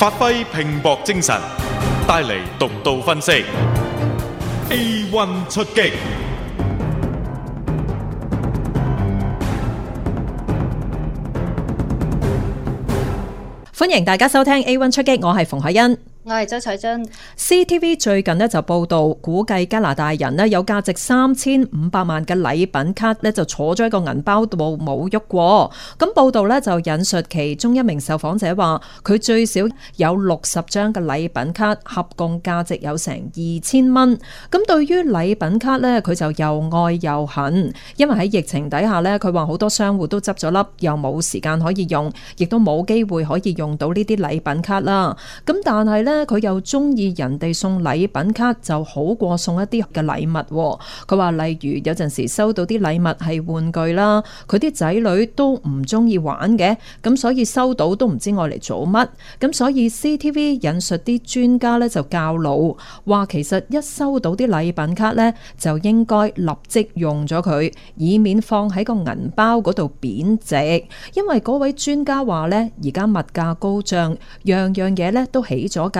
發揮拼搏精神，帶嚟獨到分析。A one 出擊，歡迎大家收聽 A one 出擊，我係馮凱欣。我係周采蓁。CTV 最近咧，就報道，估計加拿大人咧，有價值三千五百萬嘅禮品卡咧，就坐咗一個銀包度冇喐過。咁報道咧，就引述其中一名受訪者話，佢最少有六十張嘅禮品卡，合共價值有成二千蚊。咁對於禮品卡咧，佢就又愛又恨，因爲喺疫情底下咧，佢話好多商戶都執咗笠，又冇時間可以用，亦都冇機會可以用到呢啲禮品卡啦。咁但係咧。佢又中意人哋送禮品卡，就好過送一啲嘅禮物哦。佢話例如有陣時收到啲禮物係玩具啦，佢啲仔女都唔中意玩嘅，咁所以收到都唔知愛嚟做乜。咁所以 C T V 引述啲專家咧就教路，話其實一收到啲禮品卡呢，就應該立即用咗佢，以免放喺個銀包嗰度貶值。因為嗰位專家話呢，而家物價高漲，樣樣嘢呢都起咗價。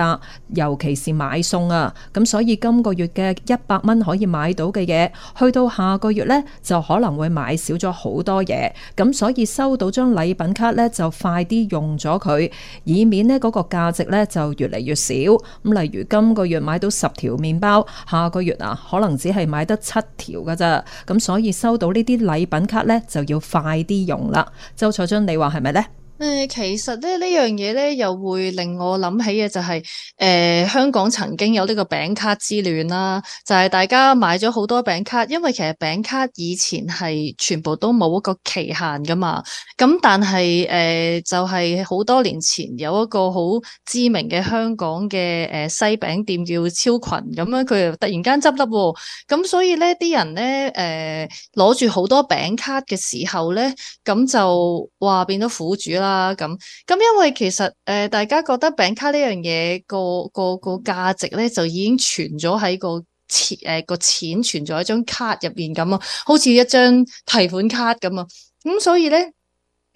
尤其是買餸啊，咁所以今個月嘅一百蚊可以買到嘅嘢，去到下個月呢，就可能會買少咗好多嘢，咁所以收到張禮品卡呢，就快啲用咗佢，以免呢嗰個價值呢就越嚟越少。咁例如今個月買到十條麵包，下個月啊，可能只係買得七條噶咋，咁所以收到呢啲禮品卡呢，就要快啲用啦。周采蓁，你話係咪呢？誒、嗯，其實咧呢樣嘢咧又會令我諗起嘅就係、是，誒、呃、香港曾經有呢個餅卡之亂啦、啊，就係、是、大家買咗好多餅卡，因為其實餅卡以前係全部都冇一個期限噶嘛，咁但係誒、呃、就係、是、好多年前有一個好知名嘅香港嘅誒、呃、西餅店叫超群，咁樣佢又突然間執笠，咁所以咧啲人咧誒攞住好多餅卡嘅時候咧，咁就嘩變咗苦主啦。啊，咁咁，因為其實誒、呃，大家覺得餅卡的呢樣嘢個個個價值咧，就已經存咗喺個錢誒個、呃、錢存咗喺張卡入邊咁啊，好似一張提款卡咁啊，咁所以咧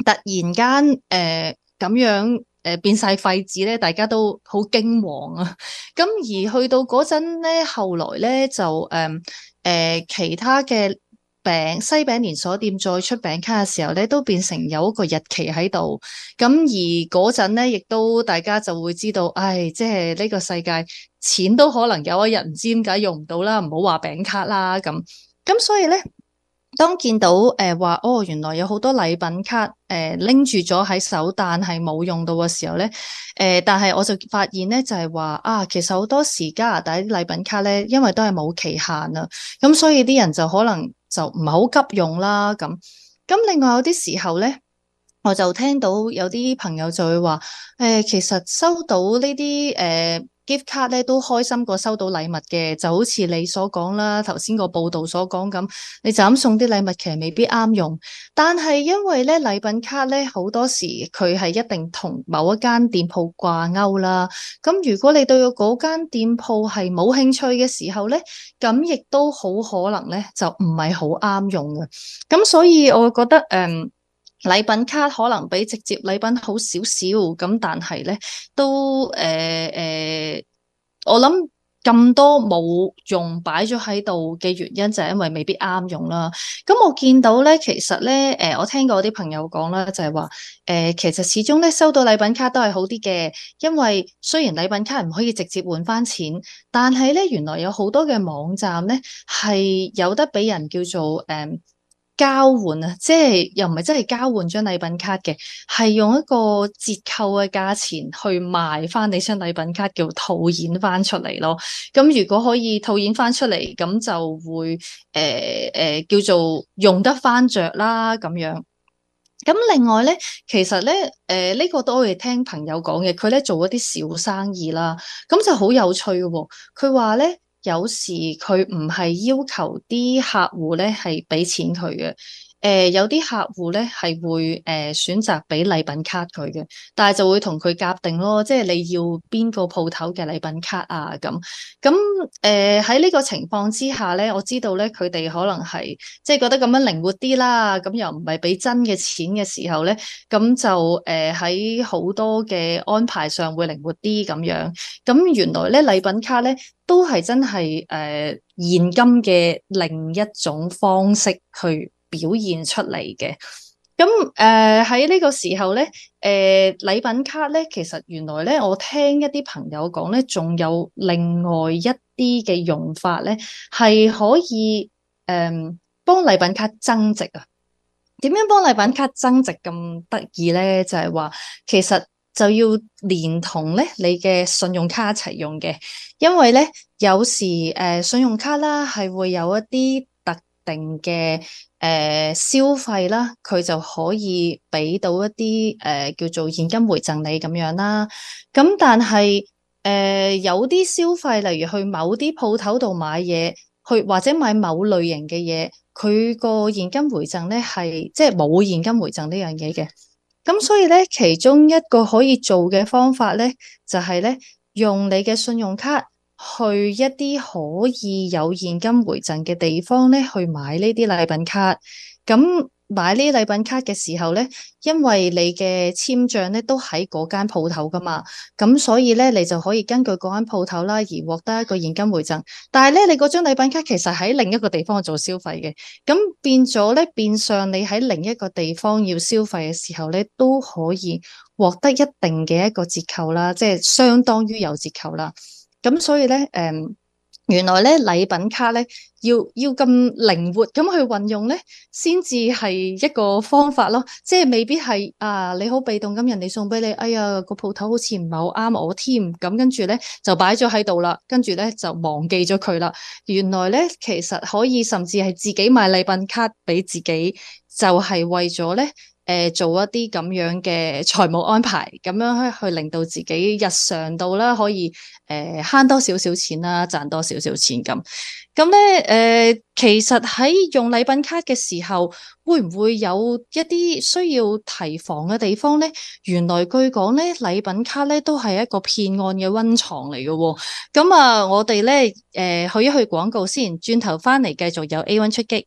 突然間誒咁樣誒、呃、變晒廢紙咧，大家都好驚惶啊，咁、啊、而去到嗰陣咧，後來咧就誒誒、呃、其他嘅餅西餅連鎖店再出餅卡嘅時候咧，都變成有一個日期喺度。咁而嗰陣咧，亦都大家就會知道，唉，即係呢個世界錢都可能有一日唔知點解用唔到啦，唔好話餅卡啦咁。咁所以咧。當見到誒話、呃、哦，原來有好多禮品卡誒拎住咗喺手，呃，但係冇用到嘅時候咧，誒，但係我就發現咧就係、是、話啊，其實好多時加拿大啲禮品卡咧，因為都係冇期限啊，咁所以啲人就可能就唔係好急用啦，咁，咁另外有啲時候咧，我就聽到有啲朋友就會話誒、呃，其實收到呢啲誒。呃 gift 卡咧都開心過收到禮物嘅，就好似你所講啦，頭先個報道所講咁，你就咁送啲禮物，其實未必啱用。但係因為咧禮品卡咧好多時佢係一定同某一間店鋪掛鈎啦，咁如果你對嗰間店鋪係冇興趣嘅時候咧，咁亦都好可能咧就唔係好啱用嘅。咁所以我覺得，嗯。禮品卡可能比直接禮品好少少，咁但係咧都誒誒、呃呃，我諗咁多冇用擺咗喺度嘅原因就係、是、因為未必啱用啦。咁我見到咧，其實咧誒，我聽過啲朋友講啦，就係、是、話、呃、其實始終咧收到禮品卡都係好啲嘅，因為雖然禮品卡唔可以直接換返錢，但係咧原來有好多嘅網站咧係有得俾人叫做誒，嗯交換啊，即係又唔係真係交換張禮品卡嘅，係用一個折扣嘅價錢去賣翻你張禮品卡，叫套現翻出嚟咯。咁如果可以套現翻出嚟，咁就會誒誒、呃呃、叫做用得翻着啦咁樣。咁另外咧，其實咧誒呢、呃呢個都係聽朋友講嘅，佢咧做一啲小生意啦，咁就好有趣嘅喎。佢話咧。有時，佢唔係要求啲客戶咧，係俾錢佢嘅。誒、呃、有啲客戶咧係會誒、呃、選擇俾禮品卡佢嘅，但係就會同佢夾定咯，即係你要邊個鋪頭嘅禮品卡啊？咁咁誒喺呢個情況之下咧，我知道咧佢哋可能係即係覺得咁樣靈活啲啦。咁又唔係俾真嘅錢嘅時候咧，咁就誒喺好多嘅安排上會靈活啲咁樣。咁原來咧禮品卡咧都係真係誒、呃、現金嘅另一種方式去。表現出嚟嘅，咁誒喺呢個時候咧，誒、呃、禮品卡咧，其實原來咧，我聽一啲朋友講咧，仲有另外一啲嘅用法咧，係可以誒幫禮品卡增值啊。點樣幫禮品卡增值咁得意咧？就係、是、話其實就要連同咧你嘅信用卡一齊用嘅，因為咧有時誒、呃、信用卡啦係會有一啲特定嘅。誒、呃、消費啦，佢就可以俾到一啲誒、呃、叫做現金回贈你咁樣啦。咁但係誒、呃、有啲消費，例如去某啲鋪頭度買嘢，去或者買某類型嘅嘢，佢個現金回贈咧係即係冇現金回贈呢樣嘢嘅。咁所以咧，其中一個可以做嘅方法咧，就係、是、咧用你嘅信用卡。去一啲可以有現金回贈嘅地方咧，去買呢啲禮品卡。咁買呢啲禮品卡嘅時候咧，因為你嘅簽賬咧都喺嗰間鋪頭噶嘛，咁所以咧你就可以根據嗰間鋪頭啦而獲得一個現金回贈。但係咧，你嗰張禮品卡其實喺另一個地方做消費嘅，咁變咗咧變相你喺另一個地方要消費嘅時候咧，都可以獲得一定嘅一個折扣啦，即係相當於有折扣啦。咁所以咧，誒原來咧禮品卡咧要要咁靈活咁去運用咧，先至係一個方法咯。即係未必係啊，你好被動咁人哋送俾你，哎呀個鋪頭好似唔係好啱我添。咁跟住咧就擺咗喺度啦，跟住咧就忘記咗佢啦。原來咧其實可以甚至係自己買禮品卡俾自己，就係為咗咧。誒、呃，做一啲咁樣嘅財務安排，咁樣去去令到自己日常度啦，可以誒慳、呃、多少少錢啦，賺多少少錢咁。咁咧，誒、呃，其實喺用禮品卡嘅時候，會唔會有一啲需要提防嘅地方咧？原來據講咧，禮品卡咧都係一個騙案嘅溫床嚟嘅。咁啊，我哋咧，誒、呃，去一去廣告先，轉頭翻嚟繼續有 A one 出擊。